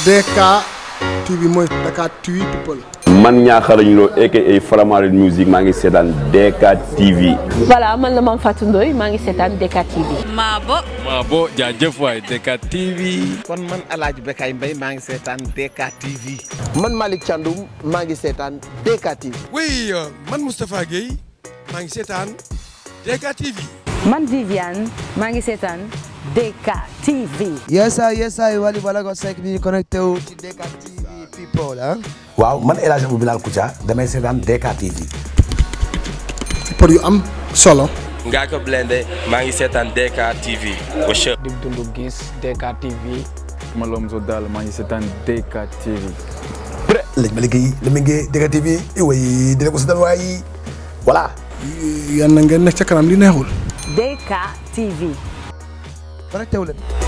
DK TV mooy Dakar TV people. man ñaaxarañ loo aka Faramaren music maa ngi seetaan DK TV. voilà man la Mame Fatou Ndoye maa ngi seetaan DK TV. Maabo. Maabo jaajëf waay DK TV. kon man El Hadj Bekay Mbaye maa ngi seetaan DK TV. man Malick Thiandoum maa ngi seetaan DK TV. oui euh, man Moustapha Guèye maa ngi seetaan DK TV. man Viviane maa ngi seetaan. DKTV. yes sir yes sir Wally Ballago Seck mi ngi connecté wu ci DKTV people ah. waaw man a Hadj Abou Bilal Koutia damay seetaan DKTV. pour yu am solo. ngaa ko blende maa ngi seetaan DKTV. di dundu gis DKTV. Malomzo Dal maa ngi seetaan DKTV. pré lañ ma liggéey li mu ngi DKTV iway dina ko seetaan waayi voilà. yal na ngeen nekk ca kanam li neexul. DKTV. connecté wu leen